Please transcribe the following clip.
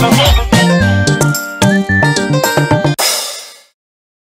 Love.